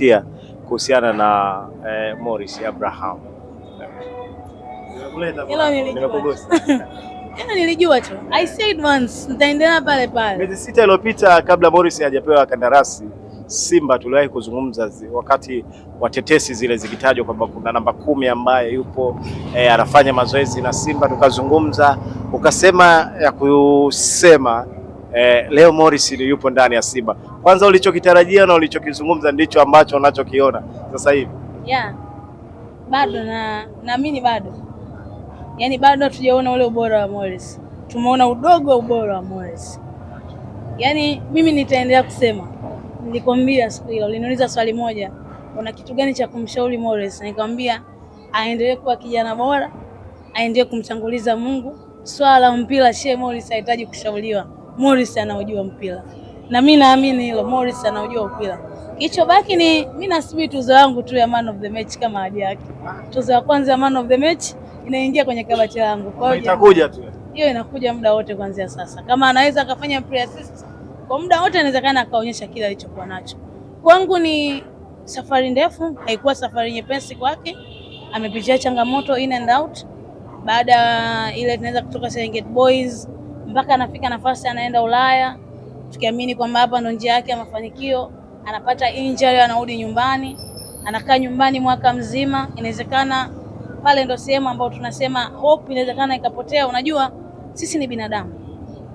kusikia kuhusiana na eh, Morris Abraham. Hilo nilijua tu. I said once, nitaendelea pale pale. Miezi sita iliyopita kabla Morris hajapewa kandarasi Simba tuliwahi kuzungumza wakati watetesi zile zikitajwa kwamba kuna namba kumi ambaye yupo e, anafanya mazoezi na Simba, tukazungumza ukasema ya kusema eh, leo Morris yupo ndani ya Simba. Kwanza ulichokitarajia na ulichokizungumza ndicho ambacho unachokiona sasa hivi? Yeah. Bado na naamini bado, yaani bado hatujaona ule ubora wa Morris, tumeona udogo wa ubora wa Morris. Yaani mimi nitaendelea kusema, nilikwambia siku ile uliniuliza swali moja, una kitu gani cha kumshauri Morris? Nikamwambia aendelee kuwa kijana bora, aendelee kumtanguliza Mungu. Swala la mpira, she Morris hahitaji kushauriwa. Morris anaojua mpira na mi naamini hilo, Morris anaojua mpira. Kilichobaki ni mi nasubiri tuzo yangu tu ya man of the match, kama hadi yake tuzo ya kwanza ya man of the match inaingia kwenye kabati langu, kwa hiyo itakuja tu hiyo, inakuja muda wote kuanzia sasa. Kama anaweza akafanya pre assist kwa muda wote, anawezekana akaonyesha kile alichokuwa nacho. Kwangu ni safari ndefu, haikuwa safari nyepesi kwake, amepitia changamoto in and out. Baada ile tunaweza kutoka Serengeti Boys mpaka anafika nafasi anaenda Ulaya, tukiamini kwamba hapa ndo njia yake ya mafanikio. Anapata injury, anarudi nyumbani, anakaa nyumbani mwaka mzima. Inawezekana pale ndo sehemu ambayo tunasema hope inawezekana ikapotea. Unajua sisi ni binadamu,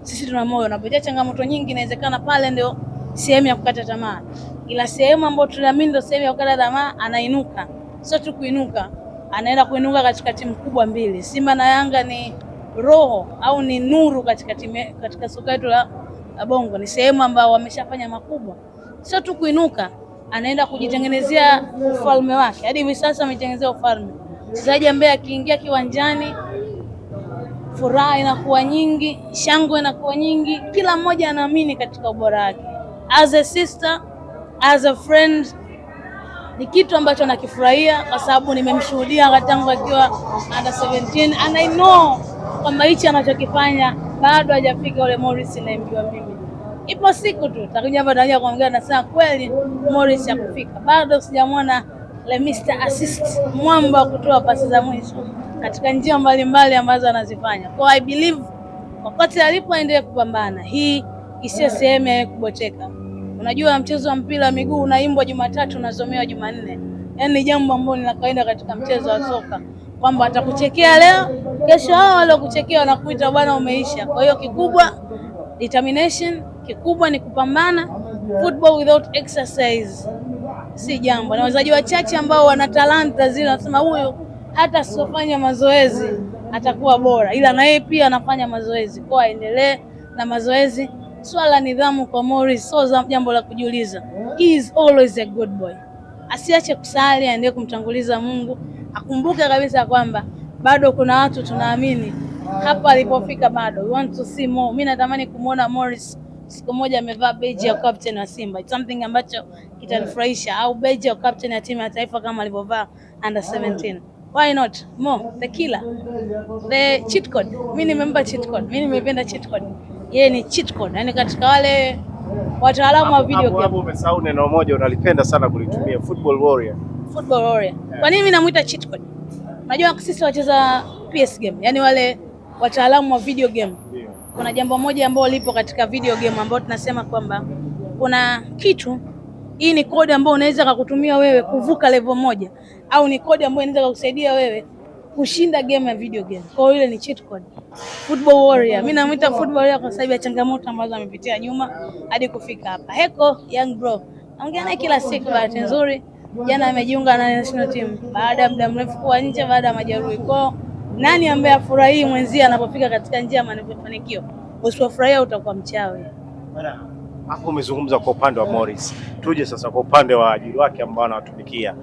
sisi tuna moyo, unapitia changamoto nyingi, inawezekana pale ndio sehemu ya kukata tamaa, ila sehemu ambayo tunaamini ndio sehemu ya kukata tamaa, anainuka. Sio tu kuinuka, anaenda kuinuka katika timu kubwa mbili, Simba na Yanga ni roho au ni nuru katika time, katika soka letu la Bongo. Ni sehemu ambayo wameshafanya makubwa, sio tu kuinuka, anaenda kujitengenezea ufalme wake. Hadi hivi sasa ametengenezea ufalme. Mchezaji ambaye akiingia kiwanjani, furaha inakuwa nyingi, shangwe inakuwa nyingi, kila mmoja anaamini katika ubora wake. As a sister, as a friend ni kitu ambacho nakifurahia kwa sababu nimemshuhudia tangu akiwa under 17 and I know kwamba hichi anachokifanya bado hajafika ule Morris naambiwa mimi. Ipo siku tu takuja hapa tunakuja kuongea na sasa kweli Morris hakufika bado, sijamwona le Mr Assist mwamba wa kutoa pasi za mwisho katika njia mbalimbali ambazo anazifanya. Kwa I believe wakati alipoendelea kupambana, hii isiyo sehemu ya kubocheka. Unajua, mchezo wa mpira wa miguu unaimbwa Jumatatu, unazomewa Jumanne, yaani jambo ambalo ni la kawaida katika mchezo wa soka kwamba atakuchekea leo Kesho hao waliokuchekea wanakuita bwana, umeisha. Kwa hiyo kikubwa determination, kikubwa ni kupambana. Football without exercise si jambo, na wachezaji wachache ambao wana talanta zile, wanasema huyu hata asiofanya mazoezi atakuwa bora, ila na yeye pia anafanya mazoezi, kwa aendelee na mazoezi. Swala nidhamu kwa Morris so jambo la kujiuliza. He is always a good boy, asiache kusali, aendelee kumtanguliza Mungu, akumbuke kabisa kwamba bado kuna watu tunaamini hapa alipofika bado. We want to see more. Mimi natamani kumwona Morris siku moja amevaa beji ya captain wa Simba. It's something ambacho kitanifurahisha, au beji ya captain ya timu ya taifa kama alivyovaa under 17. Why not? Mo, the killer. The cheat code. Mimi nimempa cheat code. Mimi nimependa cheat code. Yeye ni cheat code. Yaani katika wale wataalamu wa video game. Hapo umesahau neno moja unalipenda sana kulitumia, football warrior. Football warrior. Kwa nini mimi namuita cheat code? Najua sisi wacheza PS game, yani wale wataalamu wa video game, kuna jambo moja ambalo lipo katika video game ambao tunasema kwamba kuna kitu hii ni kodi ambayo unaweza kukutumia wewe kuvuka level moja, au ni kodi ambayo inaweza kukusaidia wewe kushinda game ya video game. Kwa hiyo ile ni cheat code. Football warrior, mimi namuita football warrior kwa sababu ya changamoto ambazo amepitia nyuma hadi kufika hapa. Heko young bro, naongea naye kila siku, bahati nzuri jana amejiunga na national team baada ya muda mrefu kuwa nje, baada ya majeruhi. Kwa nani ambaye afurahii mwenzie anapopiga katika njia mafanikio? Usipofurahia utakuwa mchawi. Hapo umezungumza kwa upande wa Morris, tuje sasa kwa upande wa ajili wake ambao anawatumikia.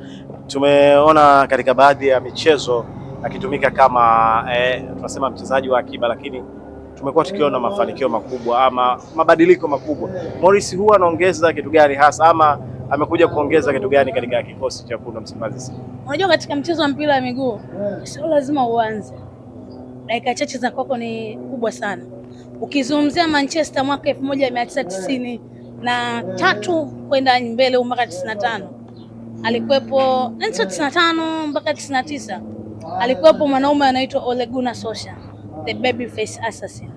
Tumeona katika baadhi ya michezo akitumika kama eh, tunasema mchezaji wa akiba, lakini tumekuwa tukiona mafanikio makubwa ama mabadiliko makubwa. Morris huwa anaongeza kitu gani hasa ama amekuja kuongeza kitu gani katika kikosi cha kuna Msimbazi Simba? Unajua, katika mchezo wa mpira wa miguu sio lazima uanze, dakika chache za kwako ni kubwa sana. Ukizungumzia Manchester mwaka elfu moja mia tisa tisini na tatu kwenda mbele mpaka tisini na tano alikuwepo tisini na tano mpaka tisini na tisa alikuwepo mwanaume anaitwa Ole Gunnar Solskjaer, the baby face assassin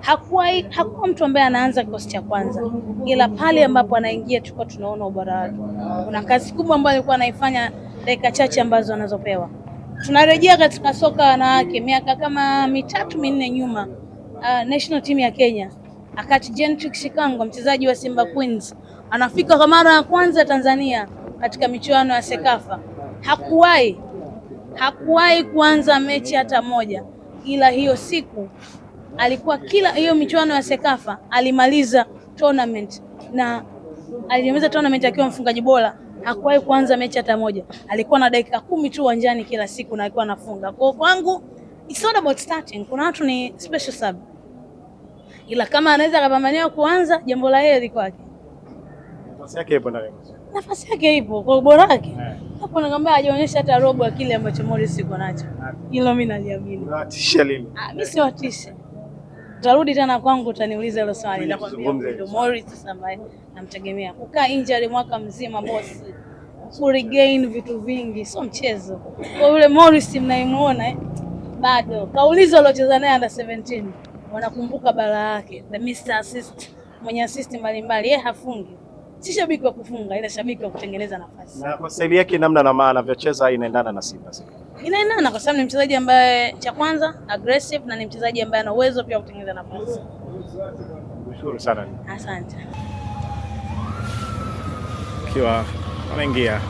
hakuwa, hakuwa mtu ambaye anaanza kikosi cha kwanza, ila pale ambapo anaingia tulikuwa tunaona ubora wake. Kuna kazi kubwa ambayo alikuwa anaifanya dakika chache ambazo anazopewa. Tunarejea katika soka wanawake miaka kama mitatu minne nyuma, uh, national team ya Kenya akati Gentrix Shikango mchezaji wa Simba Queens anafika kwa mara ya kwanza Tanzania katika michuano ya Sekafa. Hakuwahi hakuwahi kuanza mechi hata moja, ila hiyo siku alikuwa kila hiyo michuano ya Sekafa alimaliza tournament na alimaliza tournament akiwa mfungaji bora. Hakuwahi kuanza mechi hata moja, alikuwa na dakika kumi tu uwanjani kila siku na alikuwa anafunga. Kwa kwangu it's not about starting, kuna watu ni special sub, ila kama anaweza akapambania kuanza, jambo la heri kwake. Nafasi yake ipo ndani, nafasi yake ipo kwa ubora wake eh. hapo. Nakwambia hajaonyesha hata robo ya kile ambacho Morris yuko nacho, hilo mimi naliamini. Unawatisha lini? Ah, mimi siwatisha. Utarudi tena kwangu utaniuliza hilo swali, Morris ambaye namtegemea. Kukaa injury mwaka mzima boss, kuregain vitu vingi sio mchezo. Kwa yule Morris mnaimuona eh? Bado kauliza aliocheza naye under 17 wanakumbuka bala yake, the Mr assist, mwenye assist mbalimbali, yeye hafungi si shabiki wa kufunga, ila shabiki wa kutengeneza nafasi. Na kwa staili yake namna na maana anavyocheza inaendana na Simba sasa inaendana kwa sababu ni mchezaji ambaye cha kwanza aggressive na ni mchezaji ambaye ana uwezo pia kutengeneza nafasi. Nashukuru sana. Asante. Kiwa anaingia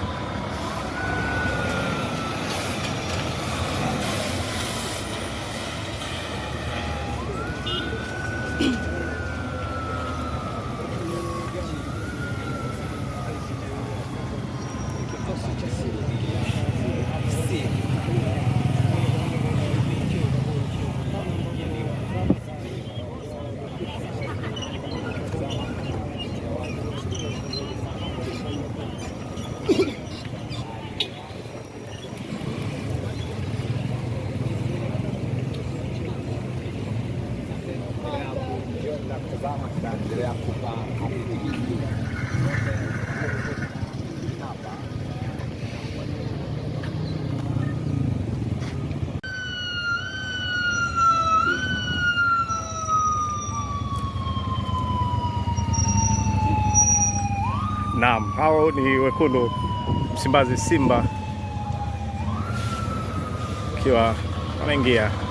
kutazama, tutaendelea kupa hadithi Naam, hao ni wekundu Msimbazi Simba, akiwa wanaingia